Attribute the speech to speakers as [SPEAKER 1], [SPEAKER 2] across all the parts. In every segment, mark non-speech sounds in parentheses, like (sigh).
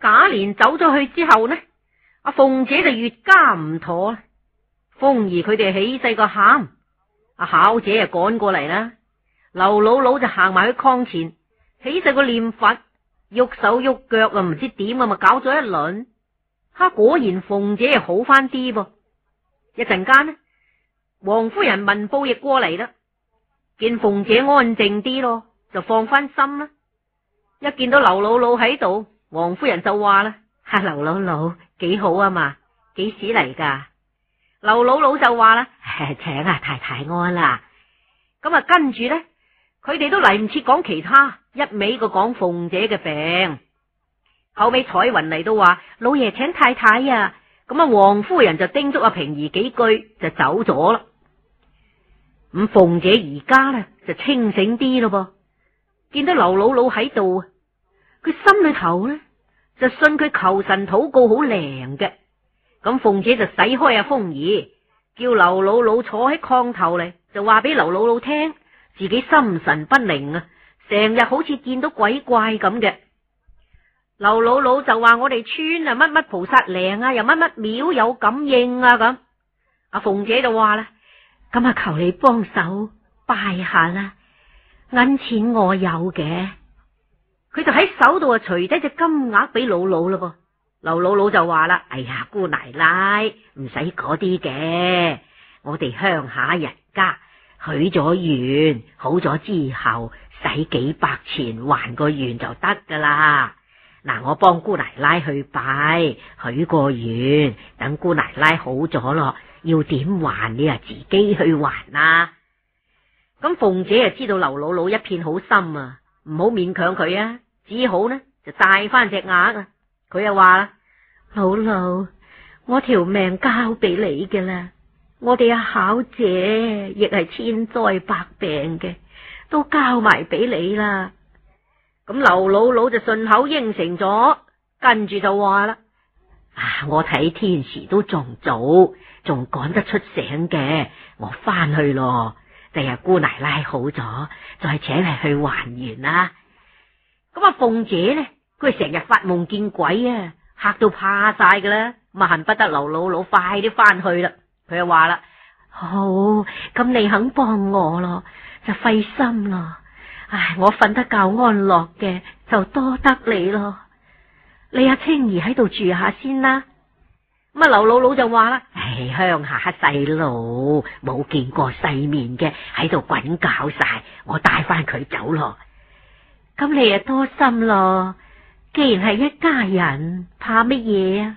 [SPEAKER 1] 賈璉走咗去之後呢，阿鳳姐就越加唔妥。風兒佢哋起勢個喊，阿巧姐就趕過嚟啦。劉姥姥就行埋去炕前，起勢個念佛，喐手喐腳啊，唔知點咁咪搞咗一輪。哈，果然鳳姐又好翻啲噃。一陣間呢，王夫人聞報亦過嚟啦，見鳳姐安靜啲咯，就放翻心啦。一見到劉姥姥喺度。王夫人就話啦：吓劉、啊、老老幾好啊嘛，幾時嚟噶？劉老老就話啦，請啊太太安啦。咁啊，嗯、跟住咧，佢哋都嚟唔切講其他，一味個講鳳姐嘅病。後尾彩雲嚟到話：，老爺請太太啊。咁、嗯、啊，王夫人就叮囑阿平兒幾句，就走咗啦。咁、嗯、鳳姐而家咧就清醒啲咯，噃，見到劉老老喺度。佢心裏頭咧就信佢求神禱告好靈嘅，咁鳳姐就使開阿風兒，叫劉老老坐喺炕頭嚟，就話俾劉老老聽自己心神不寧啊，成日好似見到鬼怪咁嘅。劉老老就話我哋村啊乜乜菩薩靈啊，又乜乜廟有感應啊咁。阿鳳姐就話啦，咁啊求你幫手拜下啦，銀錢我有嘅。佢就喺手度啊，除低隻金額俾姥姥咯噃，劉姥姥就話啦：哎呀，姑奶奶唔使嗰啲嘅，我哋鄉下人家許咗願好咗之後，使幾百錢還個願就得噶啦。嗱，我幫姑奶奶去拜許個願，等姑奶奶好咗咯，要點還你啊，自己去還啦。咁鳳姐又知道劉姥姥一片好心啊，唔好勉強佢啊。只好呢就帶翻隻鴨啊！佢又話啦：姥姥，我條命交俾你嘅啦，我哋阿巧姐亦係千災百病嘅，都交埋俾你啦。咁劉姥姥就順口應承咗，跟住就話啦：啊，我睇天時都仲早，仲趕得出醒嘅，我翻去咯。第日姑奶奶好咗，再請你去還願啦、啊。咁啊，鳳姐咧，佢係成日發夢見鬼啊，吓到怕晒㗎啦，咁啊，恨不得劉姥姥快啲翻去啦。佢就話啦：好，哦，咁你肯幫我咯，就費心咯。唉，我瞓得較安樂嘅，就多得你咯。你阿，啊、青兒喺度住下先啦。咁啊，劉姥姥就話啦：唉，鄉下細路冇見過世面嘅，喺度滾搞晒，我帶翻佢走咯。咁你又多心咯？既然係一家人，怕乜嘢啊？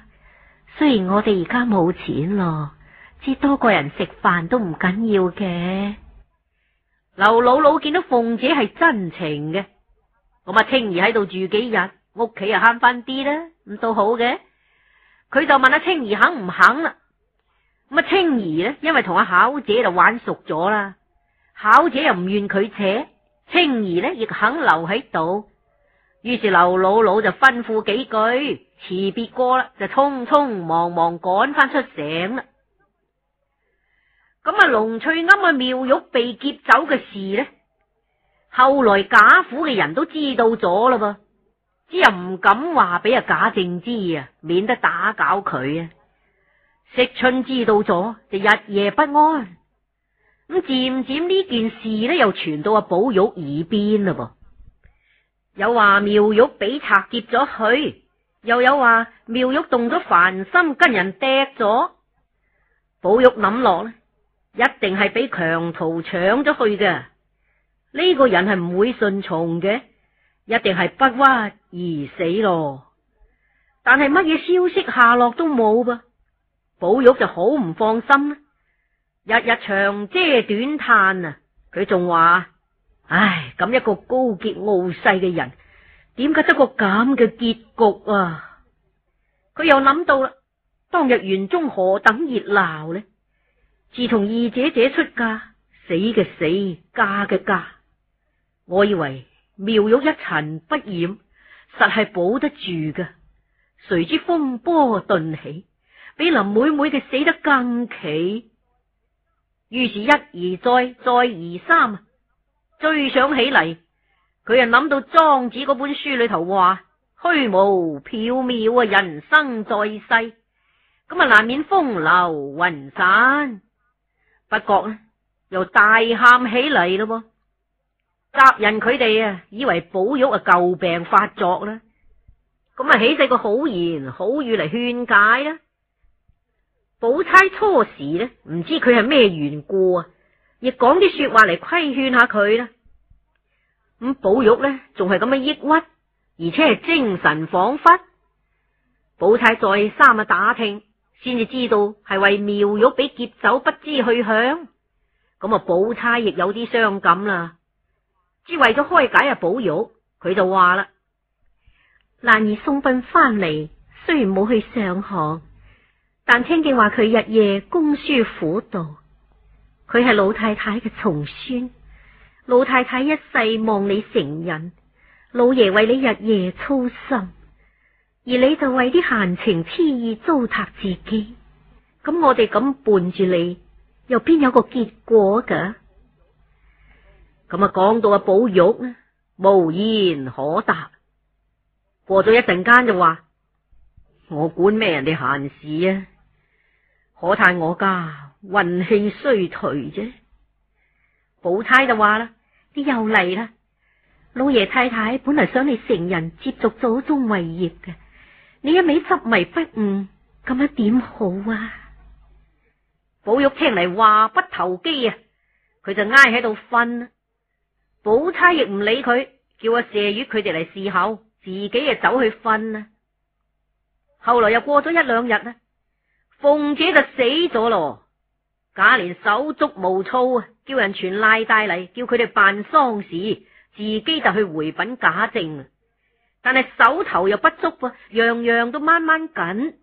[SPEAKER 1] 雖然我哋而家冇錢咯，至多個人食飯都唔緊要嘅。劉姥姥見到鳳姐係真情嘅，咁啊青兒喺度住幾日，屋企又慳翻啲啦，咁都好嘅。佢就問阿青兒肯唔肯啦？咁啊青兒呢，因為同阿巧姐就玩熟咗啦，巧姐又唔願佢扯。青兒呢亦肯留喺度，於是劉姥姥就吩咐幾句，辭別過啦，就匆匆忙忙趕翻出城啦。咁啊，龍翠庵啊，妙玉被劫走嘅事呢，後來賈府嘅人都知道咗啦噃，只又唔敢話俾阿賈政知啊，免得打攪佢啊。惜春知道咗就日夜不安。咁漸漸呢件事呢，又傳到阿寶玉耳邊啦，噃有話妙玉俾賊劫咗佢，又有話妙玉動咗凡心跟人趯咗。寶玉諗落呢，一定係俾強徒搶咗去嘅，呢、這個人係唔會順從嘅，一定係不屈而死咯。但係乜嘢消息下落都冇噃，寶玉就好唔放心啦。日日長嗟短嘆啊！佢仲話：唉，咁一個高潔傲世嘅人，點解得個咁嘅結局啊？佢又諗到啦，當日園中何等熱鬧呢？自從二姐姐出嫁，死嘅死，嫁嘅嫁。我以為妙玉一塵不染，實係保得住嘅。誰知風波頓起，比林妹妹嘅死得更奇。於是，一而再，再而三啊，追想起嚟，佢又諗到莊子嗰本書裏頭話 (noise) 虛無縹緲啊，人生在世，咁啊，難免風流雲散， (noise) 不覺咧又大喊起嚟咯，噃，
[SPEAKER 2] 眾人佢哋啊，
[SPEAKER 1] 以為寶玉啊舊病發作啦，咁啊，起晒個好言好語嚟勸解啦，啊。寶釵初時呢，唔知佢係咩緣故啊，亦講啲說話嚟規勸下佢啦。咁寶玉呢，仲係咁樣抑鬱，而且係精神恍惚。寶釵再三啊打聽，先至知道係為妙玉俾劫走，不知去向。咁啊，寶釵亦有啲傷感啦，只為咗開解啊寶玉，佢就話啦：難兒送殯翻嚟，雖然冇去上學。但聽見話佢日夜攻書苦讀，佢係老太太嘅重孫，老太太一世望你成人，老爺為你日夜操心，而你就為啲閒情痴意糟蹋自己，咁我哋咁伴住你，又邊有個結果噶？咁啊，講到阿寶玉呢，無言可答。過咗一陣間就話，我管咩人哋閒事啊！可嘆我家運氣衰頹啫。寶釵就話啦，你又嚟啦！老爺太太本嚟想你成人，接續祖宗遺業嘅，你一味執迷不悟，咁樣點好啊？寶玉聽嚟話不投機啊，佢就挨喺度瞓。寶釵亦唔理佢，叫阿麝月佢哋嚟試口，自己就走去瞓啦。後來又過咗一兩日啦。鳳姐就死咗咯，賈璉手足無措啊，叫人全賴帶嚟，叫佢哋辦喪事，自己就去回禀賈政啊。但係手頭又不足，樣樣都掹掹緊。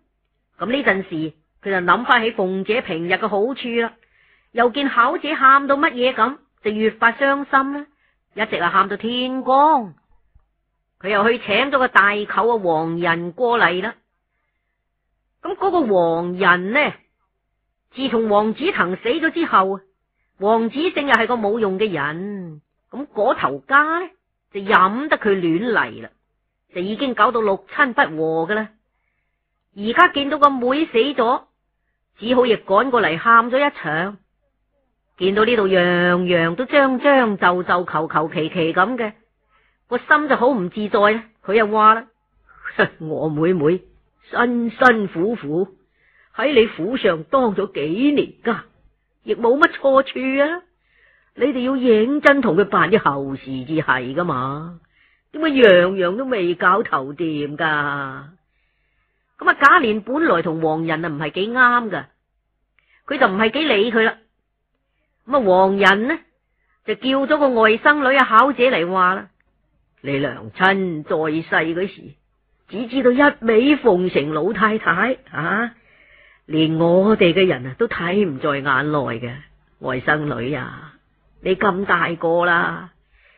[SPEAKER 1] 咁呢陣時，佢就諗翻起鳳姐平日嘅好處啦，又見巧姐喊到乜嘢咁，就越發傷心啦。一直啊喊到天光，佢又去請咗個大舅啊王仁過嚟啦。咁嗰個王仁呢？自從王子騰死咗之後，王子勝又係個冇用嘅人，咁、那、嗰、個、頭家呢就任得佢亂嚟啦，就已經搞到六親不和噶啦。而家見到個妹，妹死咗，只好亦趕過嚟喊咗一場。見到呢度樣樣都將將就就求求其其咁嘅，個心就好唔自在啊！佢又話啦：我妹妹。辛辛苦苦喺你府上當咗幾年噶，亦冇乜錯處啊！你哋要認真同佢辦啲後事至係噶嘛？點解樣樣都未搞頭掂噶？咁啊，賈璉本來同黃仁啊唔係幾啱噶，佢就唔係幾理佢啦。咁啊，黃仁呢就叫咗個外甥女啊巧姐嚟話啦：你娘親在世嗰時。只知道一味奉承老太太啊，連我哋嘅人啊都睇唔在眼內嘅。外甥女啊，你咁大個啦，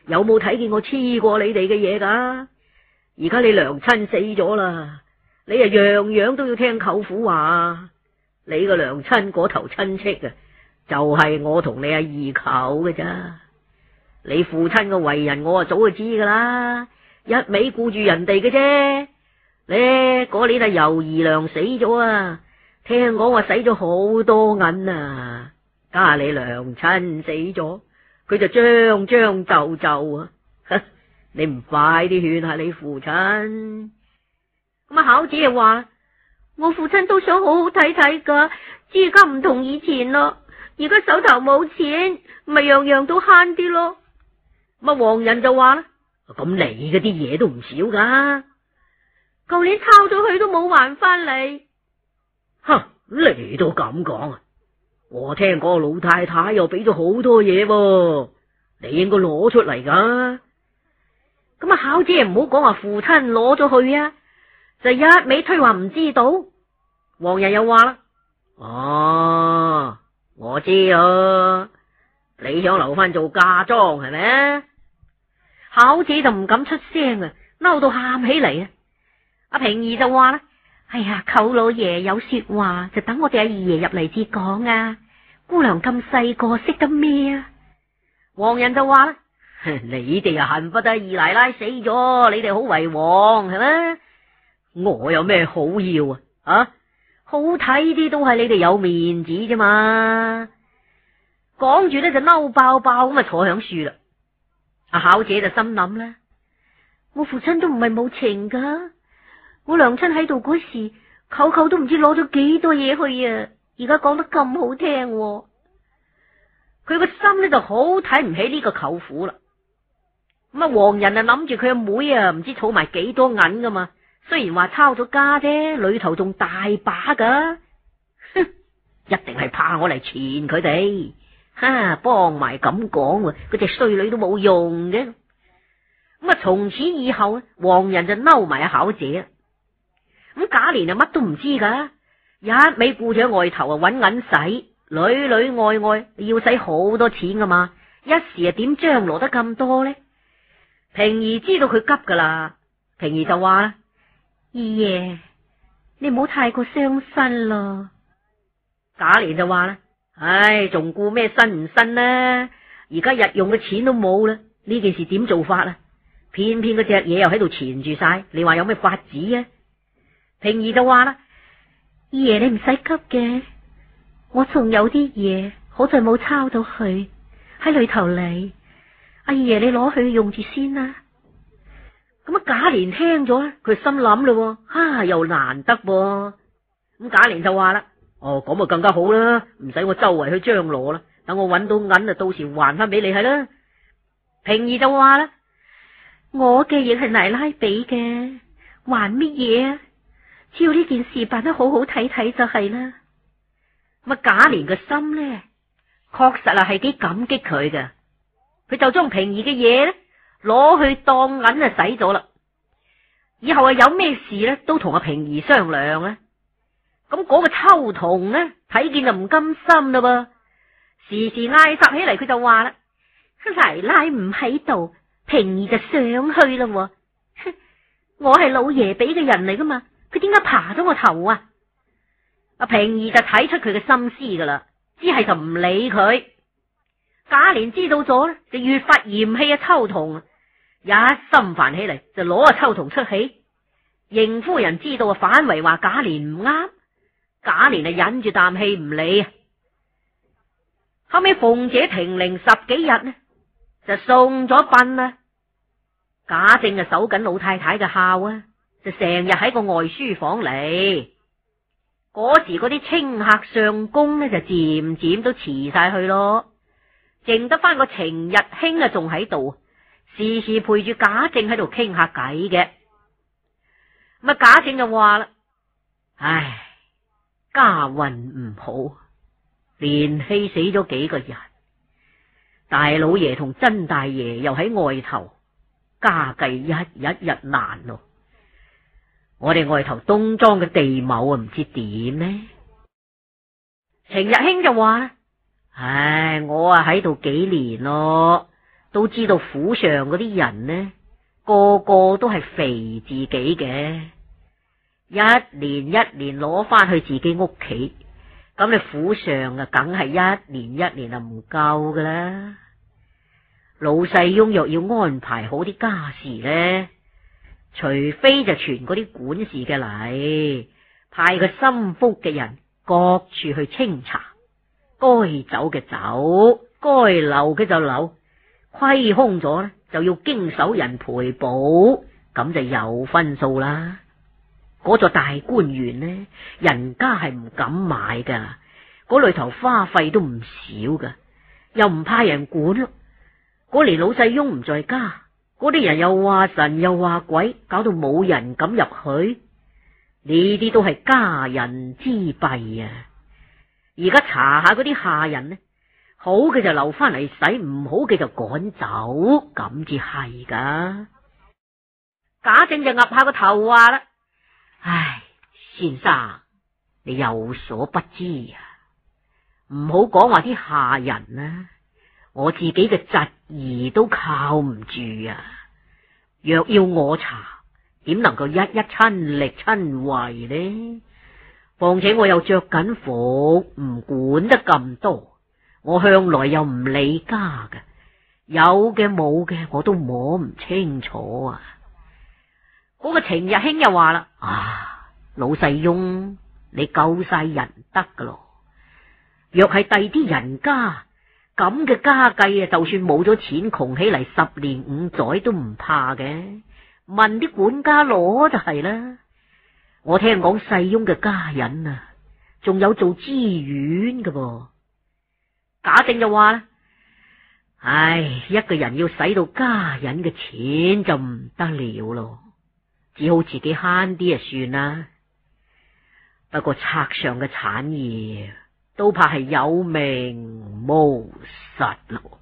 [SPEAKER 1] 有冇睇見我黐過你哋嘅嘢噶？而家你娘親死咗啦，你啊樣樣都要聽舅父話。你個娘親嗰頭親戚啊，就係我同你阿二舅嘅咋。你父親嘅為人，我啊早就知噶啦，一味顧住人哋嘅啫。咧嗰、哎那個、年啊，尤二娘死咗啊，聽講話使咗好多銀啊。家下你娘親死咗，佢就將將就就啊，你唔快啲勸下你父親。咁啊，巧姐又話，我父親都想好好睇睇噶，只家唔同以前咯，而家手頭冇錢，咪樣樣都慳啲咯。咁啊，王仁就話啦，咁你嗰啲嘢都唔少噶舊年抄咗佢都冇還翻你，哼！你都咁講啊？我聽講個老太太又俾咗好多嘢，噃，你應該攞出嚟噶。咁啊，巧姐唔好講話，父親攞咗去啊，就一味推話唔知道。王仁又話啦：，哦、啊，我知啊，你想留翻做嫁妝係咪？巧姐就唔敢出聲啊，嬲到喊起嚟啊！阿平兒就話啦：，哎呀，舅老爺有說話就等我哋阿二爺入嚟至講啊！姑娘咁細個識得咩啊？王仁就話啦：， (laughs) 你哋呀恨不得，二奶奶死咗，你哋好為王係咩？我有咩好要啊？啊，好睇啲都係你哋有面子啫嘛！講住咧就嬲爆爆咁坐喺樹啦。阿、啊、巧姐就心諗啦：，我父親都唔係冇情噶。我娘親喺度嗰時，舅舅都唔知攞咗幾多嘢去啊！而家講得咁好聽，啊，佢個心呢就好睇唔起呢個舅父啦。咁啊，黃人啊諗住佢阿妹啊，唔知儲埋幾多銀噶嘛？雖然話抄咗家啫，裏頭仲大把噶。哼， (laughs) 一定係怕我嚟纏佢哋，哈，啊，幫埋咁講，個隻衰女都冇用嘅。咁啊，從此以後啊，黃人就嬲埋阿巧姐咁賈璉啊，乜都唔知噶，一味顧住喺外頭啊，搵銀使，女女愛愛要使好多錢噶嘛，一時啊點張羅得咁多呢？平兒知道佢急噶啦，平兒就話啦，二爺，你唔好太過傷身咯。賈璉就話啦，唉，仲顧咩身唔身呢？而家日用嘅錢都冇啦，呢件事點做法啊？偏偏嗰隻嘢又喺度纏住晒，你話有咩法子啊？平兒就話啦：二爺你唔使急嘅，我仲有啲嘢，好在冇抄到佢。喺裏頭嚟，阿二爺你攞去用住先啦。咁啊，賈璉聽咗，佢心諗咯，哈又難得噃、啊。咁賈璉就話啦：哦，咁啊更加好啦，唔使我周圍去張羅啦。等我揾到銀啊，到時還翻俾你係啦。平兒就話啦：我嘅嘢係奶奶俾嘅，還乜嘢啊？照呢件事辦得好好睇睇就係啦。咁啊，賈璉嘅心呢，確實啊係幾感激佢㗎。佢就將平兒嘅嘢咧攞去當銀啊使咗啦。以後啊有咩事咧都同阿平兒商量啊。咁、那、嗰個秋桐呢，睇見就唔甘心啦噃，時時嗌殺起嚟，佢就話啦：奶奶唔喺度，平兒就上去啦。 (laughs) 我係老爺俾嘅人嚟噶嘛。佢點解爬咗我頭啊？阿平兒就睇出佢嘅心思噶啦，只係就唔理佢。賈璉知道咗咧，就越發嫌棄啊秋桐，一心煩起嚟就攞阿秋桐出氣。邢夫人知道啊，反為話賈璉唔啱，賈璉啊忍住啖氣唔理。後尾鳳姐停靈十幾日呢，就送咗殯啦。賈政就守緊老太太嘅孝啊。就成日喺個外書房嚟，嗰時嗰啲清客相公呢，就漸漸都辭晒去咯，剩得翻個程日興啊，仲喺度，時時陪住賈政喺度傾下偈嘅。咪賈政就話啦：唉，家運唔好，連氣死咗幾個人，大老爺同珍大爺又喺外頭，家計一日日難咯。我哋外頭東莊嘅地畝啊，唔知點呢？程日興就話：唉，我啊喺度幾年咯，都知道府上嗰啲人呢，個個都係肥自己嘅，一年一年攞翻去自己屋企，咁你府上啊，梗係一年一年就唔夠噶啦，老世翁若要安排好啲家事呢？除非就傳嗰啲管事嘅嚟，派個心腹嘅人，各處去清查，該走嘅走，該留嘅就留，虧空咗咧就要經手人賠補，咁就有分數啦。嗰座大觀園咧，人家係唔敢買噶，嗰裏頭花費都唔少噶，又唔怕人管咯。嗰年老細翁唔在家。嗰啲人又話神又話鬼，搞到冇人敢入去。呢啲都係家人之弊啊！而家查下嗰啲下人呢？好嘅就留翻嚟使，唔好嘅就趕走，咁至係噶。賈政就岌下個頭話啦：唉，先生，你有所不知啊！唔好講話啲下人啊。」我自己嘅侄兒都靠唔住啊！若要我查，點能夠一一親力親為呢？況且我又着緊火，唔管得咁多。我向來又唔理家嘅，有嘅冇嘅我都摸唔清楚啊！嗰個程日興又話啦：，啊，老細翁，你夠晒仁德噶咯？若係第啲人家。咁嘅家計啊，就算冇咗錢，窮起嚟十年五載都唔怕嘅，問啲管家攞就係啦。我聽講世翁嘅家人啊，仲有做織院嘅噃。賈政就話：唉，一個人要使到家人嘅錢就唔得了咯，只好自己慳啲啊算啦。不過拆上嘅產業。都怕係有名無實咯。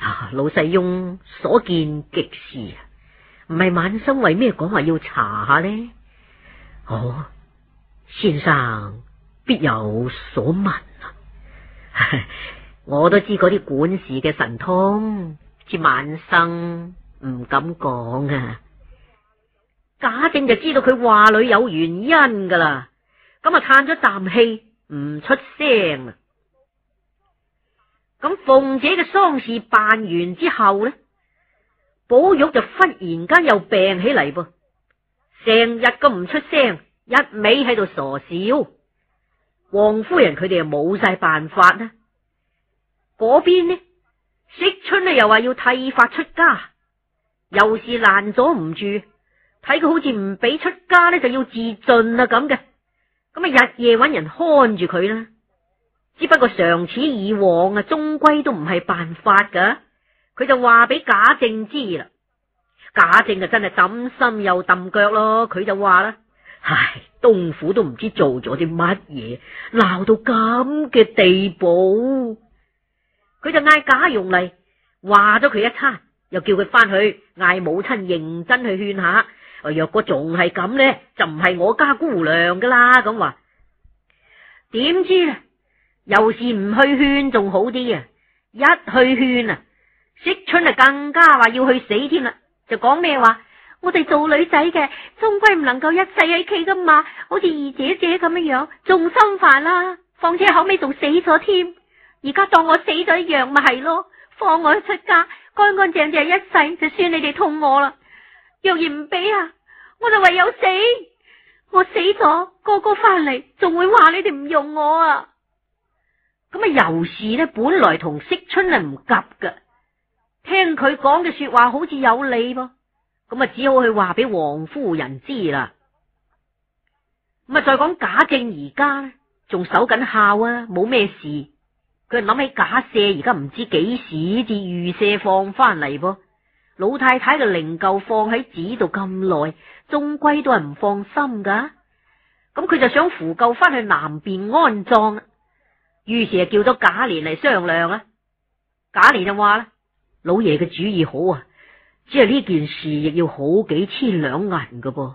[SPEAKER 1] 啊，老世翁所見極是啊，唔係晚生為咩講話要查下呢？哦，先生必有所聞啊！ (laughs) 我都知嗰啲管事嘅神通，似晚生唔敢講啊。賈政就知道佢話裏有原因噶啦，咁啊嘆咗啖氣。唔出聲啊！咁鳳姐嘅喪事辦完之後呢，寶玉就忽然間又病起嚟噃、啊，成日咁唔出聲，一味喺度傻笑。王夫人佢哋又冇晒辦法啦、啊。嗰邊呢？惜春呢？又話要剃髮出家，又是攔阻唔住，睇佢好似唔俾出家呢，就要自盡啊咁嘅。咁啊，日夜揾人看住佢啦。只不過長此以往啊，終歸都唔係辦法噶。佢就話俾賈政知啦。賈政啊，真係揼心又揼腳咯。佢就話啦：唉，東府都唔知做咗啲乜嘢，鬧到咁嘅地步。佢就嗌賈蓉嚟話咗佢一餐，又叫佢翻去嗌母親認真去勸下。若果仲係咁咧，就唔係我家姑娘噶啦。咁話，點知啊，又是唔去勸仲好啲啊？一去勸啊，惜春啊更加話要去死添啦。就講咩話？我哋做女仔嘅，終歸唔能夠一世喺屋企噶嘛。好似二姐姐咁樣樣，仲心煩啦、啊。況且後尾仲死咗添，而家當我死咗一樣咪係咯。放我出家，乾乾淨淨淨一世，就算你哋痛我啦。若然唔俾啊，我就唯有死。我死咗，哥哥翻嚟仲會話你哋唔用我啊。咁啊，尤氏呢，本來同惜春啊唔夾㗎，聽佢講嘅說話好似有理噃，咁啊，只好去話俾王夫人知啦。咁啊，再講賈政而家呢，仲守緊孝啊，冇咩事。佢諗起賈赦而家唔知幾時至御赦放翻嚟噃。老太太嘅靈柩放喺寺度咁耐，終歸都係唔放心噶。咁佢就想扶柩翻去南邊安葬啦。於是就叫咗賈璉嚟商量啦。賈璉就話啦：老爺嘅主意好啊，只係呢件事亦要好幾千兩銀噶噃。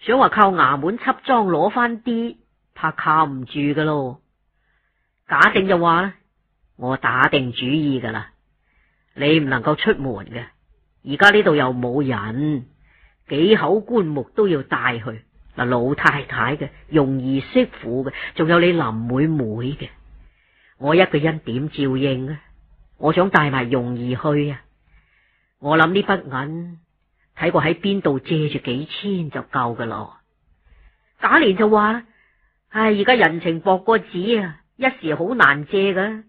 [SPEAKER 1] 想話靠衙門緝贓攞翻啲，怕靠唔住噶咯。賈政就話啦：我打定主意噶啦，你唔能夠出門嘅。而家呢度又冇人，幾口棺木都要帶去嗱，老太太嘅、容兒媳婦嘅、，仲有你林妹妹嘅，我一個人點照應啊？我想帶埋容兒去啊，我諗呢筆銀睇過喺邊度借住幾千就夠噶咯。賈璉就話啦：唉，而家人情薄過紙啊，一時好難借噶，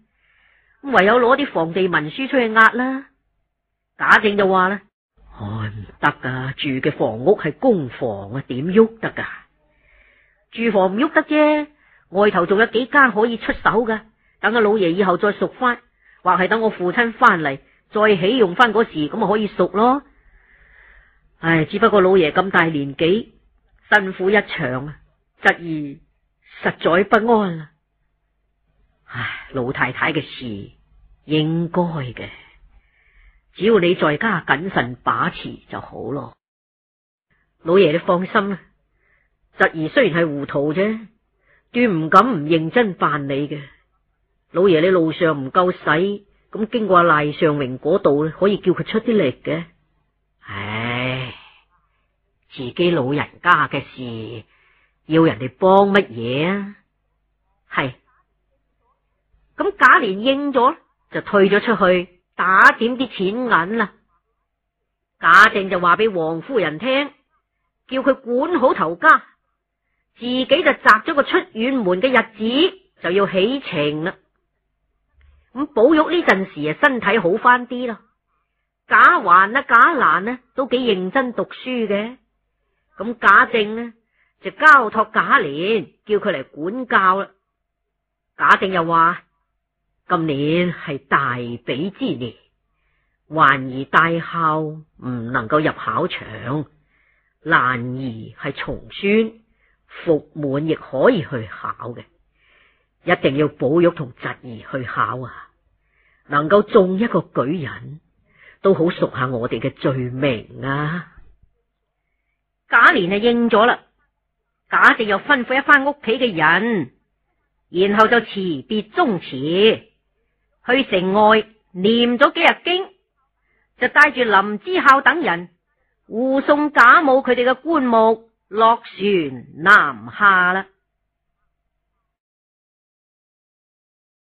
[SPEAKER 1] 唯有攞啲房地文書出去押啦。賈政就話啦，唉，唔得噶，住嘅房屋係公房啊，點喐得噶？住房唔喐得啫，外頭仲有幾間可以出手噶。等阿老爺以後再贖翻，或係等我父親翻嚟再起用翻嗰時，咁咪可以贖咯。唉，只不過老爺咁大年紀，辛苦一場啊，侄兒，實在不安啦。唉，老太太嘅事應該嘅。只要你在家謹慎把持就好咯。老爺你放心啦。侄兒雖然係糊塗啫，斷唔敢唔認真辦理嘅。老爺你路上唔夠使，咁經過賴尚榮嗰度可以叫佢出啲力嘅。唉，自己老人家嘅事要人哋幫乜嘢啊？係，咁賈璉應咗就退咗出去。打點啲錢銀啦，賈政就話俾王夫人聽，叫佢管好頭家，自己就擇咗個出遠門嘅日子就要起程啦。咁寶玉呢陣時啊身體好返啲啦，賈環啊賈蘭呢都幾認真讀書嘅，咁賈政呢就交託賈璉叫佢嚟管教啦。賈政又話。今年係大比之年，環兒大孝唔能夠入考場，蘭兒係從孫，服滿亦可以去考嘅。一定要保育同侄兒去考啊！能夠中一個舉人都好贖下我哋嘅罪名啊！賈璉就應咗啦，賈政又吩咐一番屋企嘅人，然後就辭別宗祠。去城外念咗幾日經，就帶住林之孝等人護送賈母佢哋嘅棺木落船南下啦。